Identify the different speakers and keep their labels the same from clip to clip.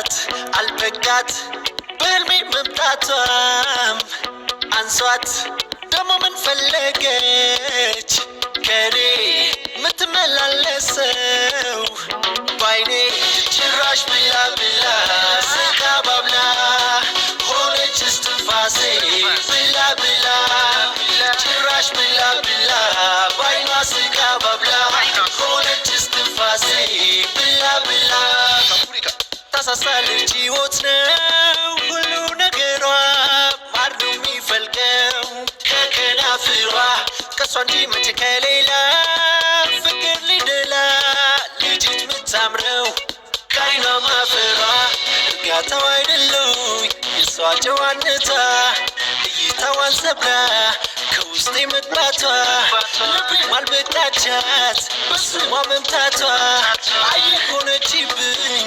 Speaker 1: መውጣት አልበጋት በህልሜ መምጣቷም አንሷት ደግሞ ምን ፈለገች ከኔ ምትመላለሰው ባይኔ ጭራሽ ብላ ያሳሳል እንጂ ሞት ነው ሁሉ ነገሯ ማር ነው የሚፈልቀው ከከናፍሯ ከሷ እንጂ መቼ ከሌላ ፍቅር ሊደላ ልጅት ምታምረው ከአይኗ ማፈሯ እርጋታው አይደለው የሷ ጨዋነታ እይታዋን ሰብራ ከውስጤ መግባቷ ልብም አልበቃቻት በስሟ መምታቷ አየር ሆነችብኝ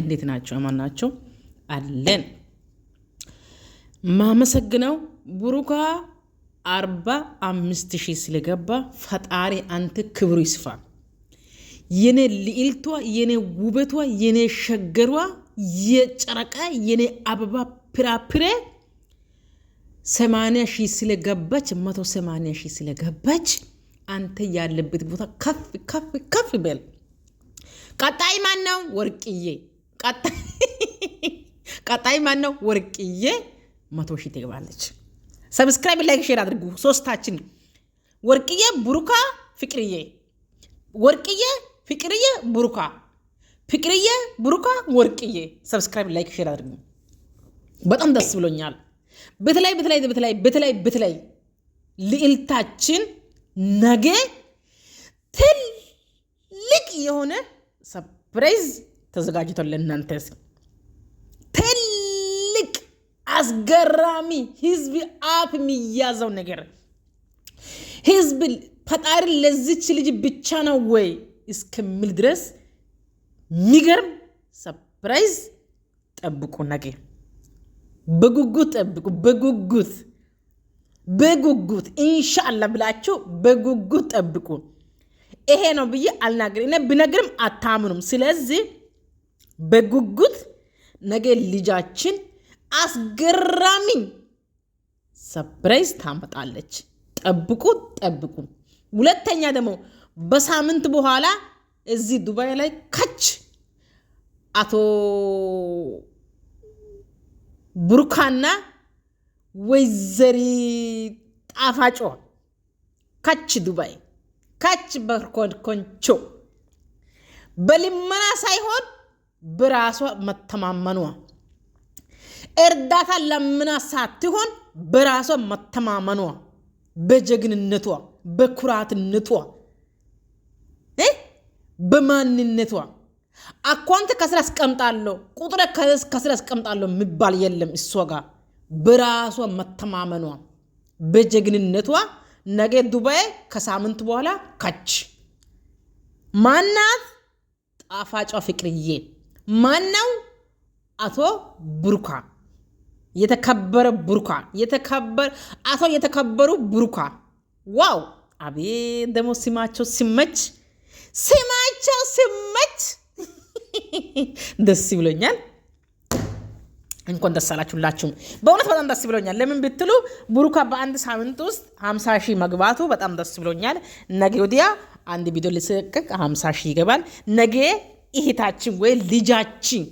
Speaker 2: እንዴት ናቸው? የማናቸው ናቸው? አለን ማመሰግነው ቡሩካ አርባ አምስት ሺህ ስለገባ ፈጣሪ አንተ ክብሩ ይስፋ። የኔ ልዕልቷ፣ የኔ ውበቷ፣ የኔ ሸገሯ፣ የጨረቃ፣ የኔ አበባ ፕራፕሬ ሰማንያ ሺህ ስለገባች መቶ ሰማንያ ሺህ ስለገባች አንተ ያለበት ቦታ ከፍ ከፍ ከፍ በል። ቀጣይ ማን ነው? ወርቅዬ ቀጣይ ማን ነው? ወርቅዬ መቶ ሺ ትገባለች። ሰብስክራይብ፣ ላይክ፣ ሼር አድርጉ። ሶስታችን ወርቅዬ፣ ቡሩካ፣ ፍቅርዬ። ወርቅዬ፣ ፍቅርዬ፣ ቡሩካ፣ ፍቅርዬ፣ ቡሩካ፣ ወርቅዬ። ሰብስክራይብ፣ ላይክ፣ ሼር አድርጉ። በጣም ደስ ብሎኛል። በተለይ በተለይ በተለይ በተለይ በተለይ ልዕልታችን ነገ ትልቅ የሆነ ሰርፕራይዝ ተዘጋጅቷል ለእናንተ ትልቅ አስገራሚ ህዝብ አፍ የሚያዘው ነገር ህዝብ ፈጣሪ ለዚች ልጅ ብቻ ነው ወይ እስከሚል ድረስ የሚገርም ሰፕራይዝ ጠብቁ። ነገ በጉጉት ጠብቁ። በጉጉት በጉጉት ኢንሻአላ ብላችሁ በጉጉት ጠብቁ። ይሄ ነው ብዬ አልናገር ብነግርም አታምኑም። ስለዚህ በጉጉት ነገ ልጃችን አስገራሚ ሰፕራይዝ ታመጣለች። ጠብቁ ጠብቁ። ሁለተኛ ደግሞ በሳምንት በኋላ እዚህ ዱባይ ላይ ከች አቶ ቡርካና ወይዘሪ ጣፋጮ ከች ዱባይ ከች በኮንቾ በልመና ሳይሆን በራሷ መተማመኗ እርዳታ ለምና ሳትሆን በራሷ መተማመኗ፣ በጀግንነቷ፣ በኩራትነቷ፣ በማንነቷ አኳንተ ከስራ አስቀምጣለሁ ቁጥረ ከስራ አስቀምጣለሁ የሚባል የለም እሷ ጋር በራሷ መተማመኗ፣ በጀግንነቷ ነገ ዱባይ ከሳምንት በኋላ ከች ማናት ጣፋጯ ፍቅርዬ ነው አቶ ቡርኳ የተከበረ ቡርኳ የተከበረ አቶ የተከበሩ ቡርኳ ዋው! አቤት ደግሞ ስማቸው ሲመች ስማቸው ሲመች ደስ ብሎኛል። እንኳን ደስ በእውነት በጣም ደስ ብሎኛል። ለምን ብትሉ ቡሩካ በአንድ ሳምንት ውስጥ ሀምሳ ሺህ መግባቱ በጣም ደስ ብሎኛል። ነገ ወዲያ አንድ ቪዲዮ ልስቅቅ ሀምሳ ሺህ ይገባል ነገ እህታችን ወይ ልጃችን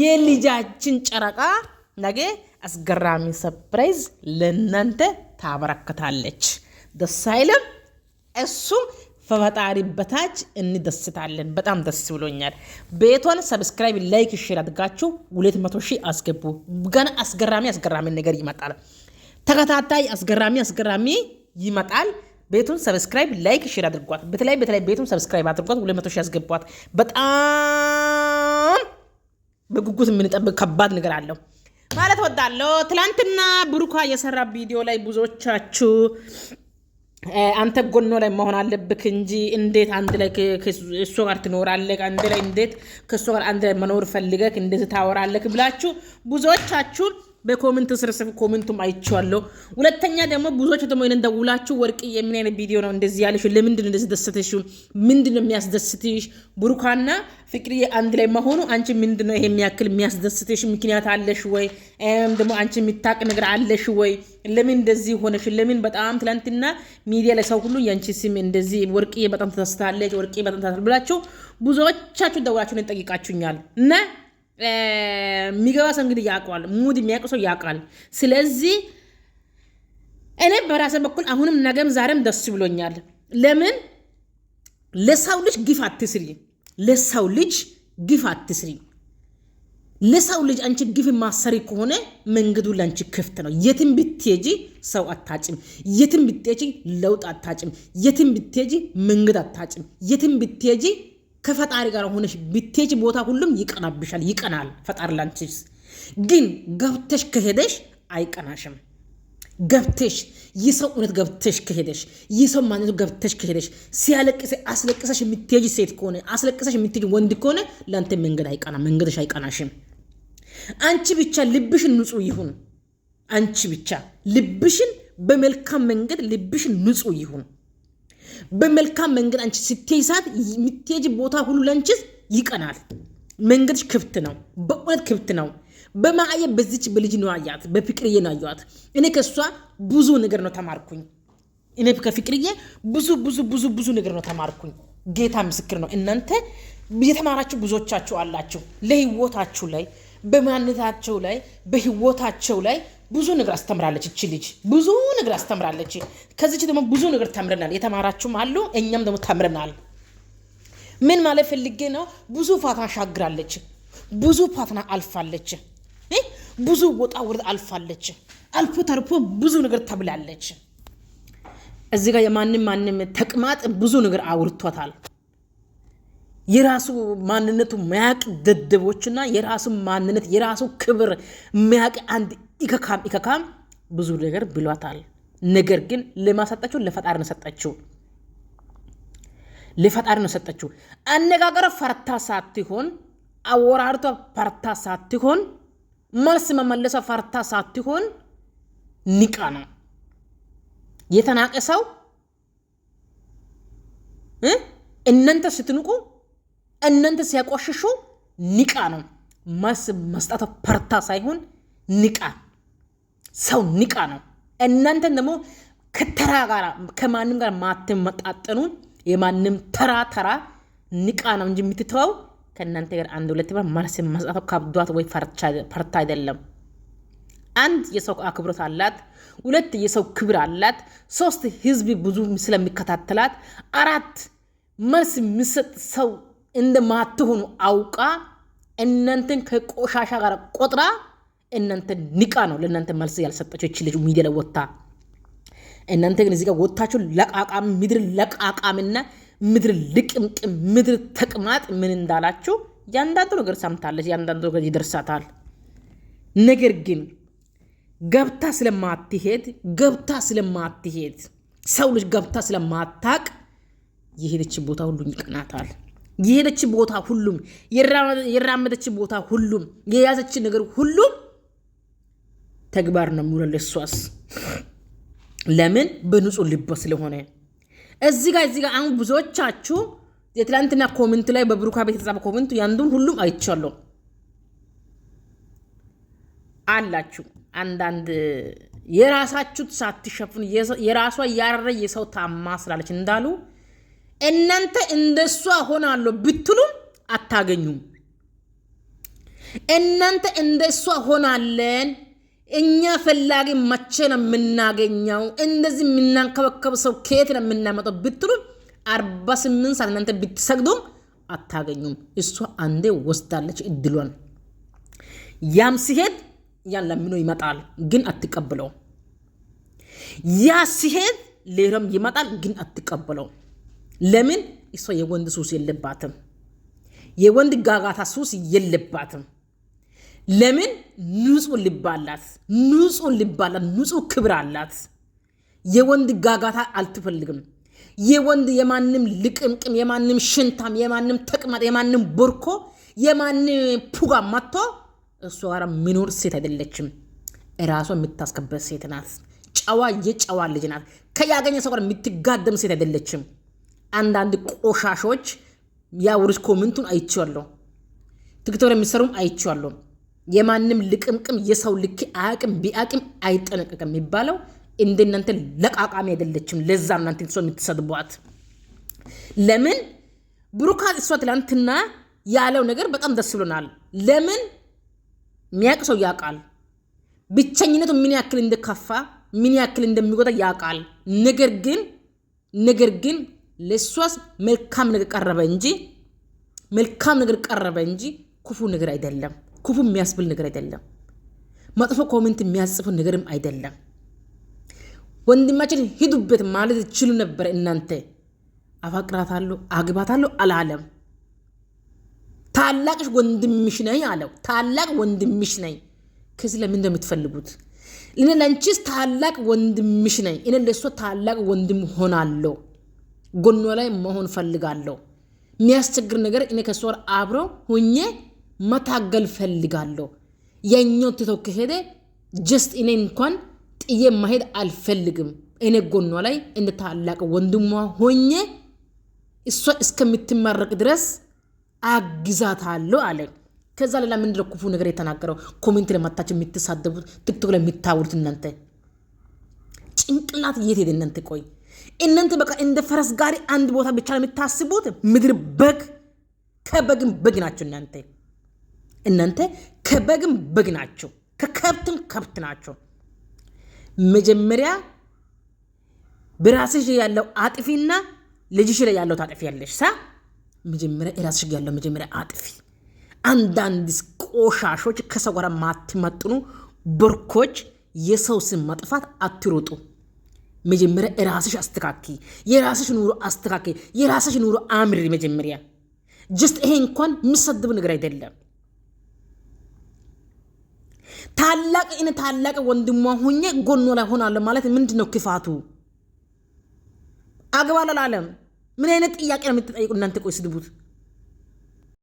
Speaker 2: የልጃችን ጨረቃ ነገ አስገራሚ ሰርፕራይዝ ለእናንተ ታበረክታለች። ደስ አይልም? እሱም ፈፈጣሪ በታች እንደስታለን። በጣም ደስ ብሎኛል። ቤቷን ሰብስክራይብ፣ ላይክ፣ ሼር አድጋችሁ 200 ሺህ አስገቡ። ገና አስገራሚ አስገራሚ ነገር ይመጣል። ተከታታይ አስገራሚ አስገራሚ ይመጣል። ቤቱን ሰብስክራይብ፣ ላይክ፣ ሼር አድርጓት። በተለይ በተለይ ቤቱን ሰብስክራይብ አድርጓት። 200 ሺህ ያስገቧት። በጣም በጉጉት የምንጠብቅ ከባድ ነገር አለው ማለት ወዳለው። ትላንትና ብሩካ የሰራ ቪዲዮ ላይ ብዙዎቻችሁ አንተ ጎኖ ላይ መሆን አለብክ እንጂ እንዴት አንድ ላይ እሱ ጋር ትኖራለህ? አንድ ላይ እንዴት ከእሱ ጋር አንድ ላይ መኖር ፈልገክ እንዴት ታወራለክ? ብላችሁ ብዙዎቻችሁን በኮመንት ስር ኮመንቱም አይቼዋለሁ። ሁለተኛ ደግሞ ብዙዎች ደግሞ ይሄንን ደውላችሁ ወርቅ የምን አይነት ቪዲዮ ነው እንደዚህ ያለሽ? ለምንድን ነው እንደዚህ ደሰተሽ? ምንድን ነው የሚያስደስትሽ? ብሩካና ፍቅሪ አንድ ላይ መሆኑ አንቺ ምንድን ነው ይሄ የሚያክል የሚያስደስትሽ? ምክንያት አለሽ ወይ? ደግሞ አንቺ የሚታቅ ነገር አለሽ ወይ? ለምን እንደዚህ ሆነሽ? ለምን በጣም ትላንትና ሚዲያ ላይ ሰው ሁሉ የአንቺ ስም እንደዚህ ወርቅዬ በጣም ተሳስታለች፣ ወርቅዬ በጣም ተሳስታለች ብላችሁ ብዙዎቻችሁ ደውላችሁ ጠይቃችሁኛል እና የሚገባ ሰው እንግዲህ ያውቀዋል። ሙድ የሚያውቅ ሰው ያውቃል። ስለዚህ እኔ በራሴ በኩል አሁንም ነገም ዛሬም ደስ ብሎኛል። ለምን ለሰው ልጅ ግፍ አትስሪ፣ ለሰው ልጅ ግፍ አትስሪ። ለሰው ልጅ አንቺ ግፍ ማሰሪ ከሆነ መንገዱ ለአንቺ ክፍት ነው። የትም ብትሄጂ ሰው አታጭም። የትም ብትሄጂ ለውጥ አታጭም። የትም ብትሄጂ መንገድ አታጭም። የትም ብትሄጂ ከፈጣሪ ጋር ሆነሽ ብትሄጂ ቦታ ሁሉም ይቀናብሻል፣ ይቀናል ፈጣሪ ላንቺስ። ግን ገብተሽ ከሄደሽ አይቀናሽም። ገብተሽ ይሰው እውነት ገብተሽ ከሄደሽ ይሰው ማንነቱ ገብተሽ ከሄደሽ ሲያለቅሰ አስለቅሰሽ የምትሄጂ ሴት ከሆነ አስለቅሰሽ የምትሄጂ ወንድ ከሆነ ለአንተ መንገድ አይቀና መንገድሽ አይቀናሽም። አንቺ ብቻ ልብሽን ንጹህ ይሁን። አንቺ ብቻ ልብሽን በመልካም መንገድ ልብሽን ንጹህ ይሁን። በመልካም መንገድ አንቺ ስትይሳት የምትሄጂ ቦታ ሁሉ ለንችስ ይቀናል። መንገድሽ ክፍት ነው፣ በእውነት ክፍት ነው። በማየ በዚች በልጅ ነው አያት፣ በፍቅርዬ ነው አያት። እኔ ከእሷ ብዙ ነገር ነው ተማርኩኝ። እኔ ከፍቅርዬ ብዙ ብዙ ብዙ ብዙ ነገር ነው ተማርኩኝ። ጌታ ምስክር ነው። እናንተ የተማራችሁ ብዙዎቻችሁ አላችሁ። ለህይወታችሁ ላይ በማንነታቸው ላይ በህይወታቸው ላይ ብዙ ነገር አስተምራለች እች ልጅ ብዙ ነገር አስተምራለች። ከዚች ደግሞ ብዙ ነገር ተምረናል። የተማራችሁም አሉ፣ እኛም ደግሞ ተምረናል። ምን ማለት ፈልጌ ነው? ብዙ ፋትና ሻግራለች፣ ብዙ ፋትና አልፋለች፣ ብዙ ወጣ ውረድ አልፋለች። አልፎ ተርፎ ብዙ ነገር ተብላለች። እዚ ጋር የማንም ማንም ተቅማጥ ብዙ ነገር አውርቷታል። የራሱ ማንነቱ ማያቅ ደደቦችና የራሱ ማንነት የራሱ ክብር ማያቅ አንድ ኢከካም ኢከካም ብዙ ነገር ብሏታል። ነገር ግን ለማሰጣችሁ ለፈጣሪ ነው ሰጠችው፣ ለፈጣሪ ነው ሰጠችው። አነጋገሯ ፈርታ ሳትሆን፣ አወራርቷ ፈርታ ሳትሆን፣ መልስ መመለሷ ፈርታ ሳትሆን ንቃ ነው የተናቀ ሰው እናንተ ስትንቁ እናንተ ሲያቆሽሹ ንቃ ነው። መልስ መስጠት ፈርታ ሳይሆን ንቃ ሰው ኒቃ ነው። እናንተን ደግሞ ከተራ ጋር ከማንም ጋር ማትመጣጠኑን የማንም ተራ ተራ ኒቃ ነው እንጂ የምትተዋው ከእናንተ ጋር አንድ ሁለት ባር መልስ መስጠት ከብዷት ወይ ፈርታ አይደለም። አንድ የሰው አክብሮት አላት፣ ሁለት የሰው ክብር አላት፣ ሶስት ህዝብ ብዙ ስለሚከታተላት፣ አራት መልስ የሚሰጥ ሰው እንደማትሆኑ አውቃ እናንተን ከቆሻሻ ጋር ቆጥራ እናንተ ንቃ ነው ለእናንተ መልስ ያልሰጠችው ይች ልጅ ሚዲያ ላይ እናንተ ግን እዚህ ጋር ለቃቃም ምድር ለቃቃምና ምድር ልቅምቅም ምድር ተቅማጥ ምን እንዳላችሁ ያንዳንዱ ነገር ሰምታለች፣ ያንዳንዱ ነገር ይደርሳታል። ነገር ግን ገብታ ስለማትሄድ ገብታ ስለማትሄድ ሰው ልጅ ገብታ ስለማታቅ የሄደች ቦታ ሁሉም ይቀናታል። የሄደች ቦታ ሁሉም የራመደች ቦታ ሁሉም የያዘች ነገር ሁሉም ተግባር ነው የሚውለው ለሷስ። ለምን በንጹህ ልብ ስለሆነ እዚ ጋ እዚ ጋር አሁን ብዙዎቻችሁ የትላንትና ኮሜንት ላይ በብሩካ ቤት የተጻፈ ኮሜንቱ ያንዱን ሁሉም አይቻለሁ አላችሁ። አንዳንድ የራሳችሁ ሳትሸፍኑ የራሷ ያረረ የሰው ታማ ስላለች እንዳሉ እናንተ እንደሷ ሆናለሁ ብትሉም አታገኙም። እናንተ እንደሷ ሆናለን እኛ ፈላጊ መቼ ነው የምናገኘው? እንደዚህ የምናንከበከብ ሰው ከየት ነው የምናመጠው ብትሉ አርባ ስምንት ሰዓት እናንተ ብትሰግዱም አታገኙም። እሷ አንዴ ወስዳለች እድሏን። ያም ሲሄድ ያን ለምኖ ይመጣል፣ ግን አትቀብለው። ያ ሲሄድ ሌላም ይመጣል፣ ግን አትቀብለው። ለምን? እሷ የወንድ ሱስ የለባትም። የወንድ ጋጋታ ሱስ የለባትም። ለምን ንጹህ ልብ አላት፣ ንጹህ ልብ አላት፣ ንጹህ ክብር አላት። የወንድ ጋጋታ አልትፈልግም። የወንድ የማንም ልቅምቅም፣ የማንም ሽንታም፣ የማንም ተቅማጥ፣ የማንም ቦርኮ፣ የማንም ፑጋ መጥቶ እሱ ጋር ምኖር ሴት አይደለችም። እራሷ የምታስከበት ሴት ናት። ጨዋ የጨዋ ልጅ ናት። ከያገኘ ሰው ጋር የምትጋደም ሴት አይደለችም። አንዳንድ ቆሻሾች ያውርስ ኮምንቱን አይቼዋለሁ። ትክቶር የሚሰሩም አይቼዋለሁ። የማንም ልቅምቅም የሰው ልክ አያቅም ቢያቅም አይጠነቀቅም የሚባለው እንደናንተ ለቃቃሚ አይደለችም። ለዛ እናንተ ሰው የምትሰድቧት ለምን? ብሩካ እሷ ትላንትና ያለው ነገር በጣም ደስ ብሎናል። ለምን ሚያቅ ሰው ያውቃል። ብቸኝነቱ ምን ያክል እንደከፋ ምን ያክል እንደሚጎዳ ያውቃል። ነገር ግን ነገር ግን ለእሷስ መልካም ነገር ቀረበ እንጂ መልካም ነገር ቀረበ እንጂ ክፉ ነገር አይደለም። ኩፉ የሚያስብል ነገር አይደለም። መጥፎ ኮሜንት የሚያጽፉ ነገርም አይደለም። ወንድማችን ሂዱበት ማለት ችሉ ነበር። እናንተ አፈቅራታለሁ አግባታለሁ አላለም። ታላቅሽ ወንድምሽ ነኝ አለው። ታላቅ ወንድምሽ ነኝ። ከዚህ ለምን እንደምትፈልጉት እኔ ለንቺስ ታላቅ ወንድምሽ ነኝ። እኔ ለእሷ ታላቅ ወንድም ሆናለሁ። ጎኗ ላይ መሆን ፈልጋለሁ። የሚያስቸግር ነገር እኔ ከሷ አብሮ ሁኜ መታገል ፈልጋለሁ። የኛው ትቶ ከሄደ ጀስት እኔ እንኳን ጥዬ ማሄድ አልፈልግም። እኔ ጎኗ ላይ እንደ ታላቅ ወንድሟ ሆኜ እሷ እስከምትመረቅ ድረስ አግዛታለሁ አለኝ። ከዛ ሌላ ምንድን ነው ክፉ ነገር የተናገረው? ኮሜንት ለመታችሁ የምትሳደቡት ቲክቶክ ላይ የምታውሉት እናንተ ጭንቅላት የት ሄደ እናንተ? ቆይ እናንተ በቃ እንደ ፈረስ ጋሪ አንድ ቦታ ብቻ የምታስቡት ምድር በግ ከበግን በግ ናቸው እናንተ። እናንተ ከበግም በግ ናቸው፣ ከከብትም ከብት ናቸው። መጀመሪያ በራስሽ ያለው አጥፊና ልጅሽ ላይ ያለው ታጥፊ ያለሽ ሳ መጀመሪያ የራስሽ ያለው መጀመሪያ አጥፊ። አንዳንድ ቆሻሾች፣ ከሰው ጋር ማትመጥኑ ብርኮች የሰው ስም መጥፋት አትሮጡ። መጀመሪያ የራስሽ አስተካኪ፣ የራስሽ ኑሮ አስተካኪ፣ የራስሽ ኑሮ አምሪ። መጀመሪያ ጀስት ይሄ እንኳን የሚሰድብ ነገር አይደለም። ታላቅ እኔ ታላቅ ወንድሟ ሆኜ ጎኖ ላይ ሆናለሁ ማለት ምንድን ነው ክፋቱ? አግባላል ምን አይነት ጥያቄ ነው የምትጠይቁ እናንተ? ቆይ ስድቡት